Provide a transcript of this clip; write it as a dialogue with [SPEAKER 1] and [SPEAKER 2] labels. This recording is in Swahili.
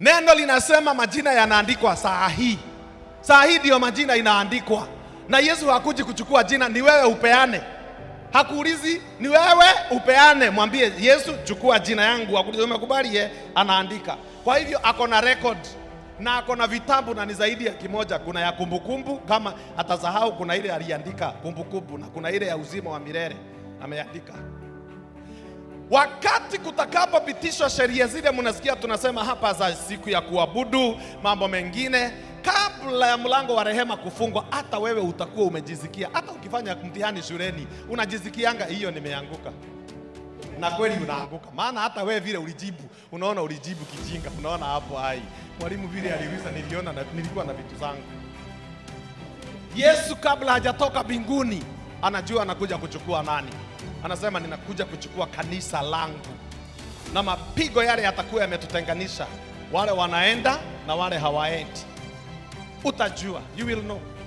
[SPEAKER 1] Neno linasema majina yanaandikwa saa hii, saa hii ndiyo majina inaandikwa, na Yesu hakuji kuchukua jina, ni wewe upeane. Hakuulizi, ni wewe upeane, mwambie Yesu, chukua jina yangu. Akuuliza umekubali? Ye anaandika. Kwa hivyo ako na record na ako na vitabu na ni zaidi ya kimoja. Kuna ya kumbukumbu -kumbu, kama atasahau, kuna ile aliandika kumbukumbu, na kuna ile ya uzima wa milele ameandika. Wakati kutakapopitishwa sheria zile, mnasikia tunasema hapa za siku ya kuabudu, mambo mengine, kabla ya mlango wa rehema kufungwa, hata wewe utakuwa umejizikia. Hata ukifanya mtihani shuleni unajizikianga, hiyo nimeanguka, na kweli unaanguka, maana hata wewe vile ulijibu, unaona ulijibu kijinga, unaona hapo, hai mwalimu vile aliuliza, niliona na nilikuwa na vitu zangu. Yesu kabla hajatoka mbinguni anajua anakuja kuchukua nani anasema ninakuja kuchukua kanisa langu, na mapigo yale yatakuwa yametutenganisha, wale wanaenda na wale hawaendi. Utajua, you will know.